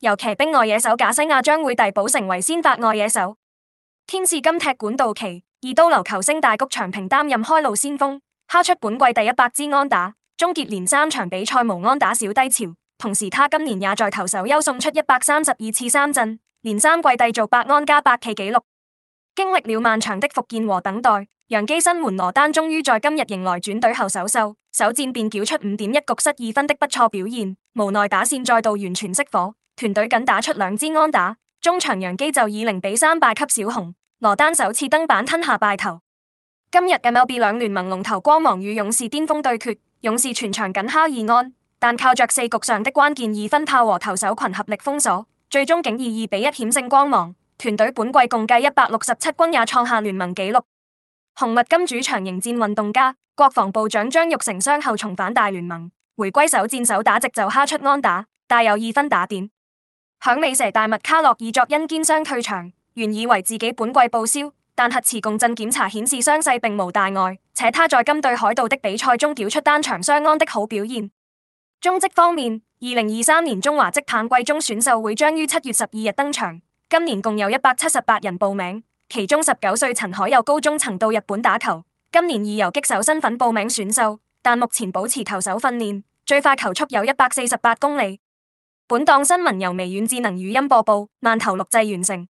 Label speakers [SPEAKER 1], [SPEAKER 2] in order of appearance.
[SPEAKER 1] 遊騎兵外野手賈西亞將會遞補成為先發外野手，天使金踢館道奇，二刀流球星大谷翔平擔任開路先鋒。敲出本季第一百支安打，終結連三場比賽無安打小低潮。同時，他今年也在投手丘送出一百三十二次三振，連三季締造百安加百奇紀錄。經歷了漫長的復健和等待，楊基新門羅丹終於在今日迎來轉隊後首秀，首戰便繳出五點一局失二分的不錯表現，無奈打線再度完全熄火。團隊僅打出兩支安打，中場揚基就以零比三敗給小熊。羅丹首次登板吞下敗投。今日嘅 MLB 兩聯盟龍頭光芒與勇士巔峯對決，勇士全場僅敲二安，但靠着四局上的關鍵二分炮和投手群合力封鎖，最終竟以二,二比一險勝光芒。團隊本季共計一百六十七均也創下聯盟紀錄。紅襪今主場迎戰運動家，國防部長張玉成傷後重返大聯盟，回歸首戰首打席就敲出安打，帶有二分打點。響尾蛇大麥卡洛爾作因肩傷退場，原以為自己本季報銷，但核磁共振檢查顯示傷勢並無大礙，且他在今對海盜的比賽中繳出單場相安的好表現。中職方面，二零二三年中華職棒季中選秀會將於七月十二日登場，今年共有一百七十八人報名，其中十九歲陳海佑高中曾到日本打球，今年以游擊手身份報名選秀，但目前保持投手訓練，最快球速有一百四十八公里。本檔新聞由微軟智能語音播報，慢投錄製完成。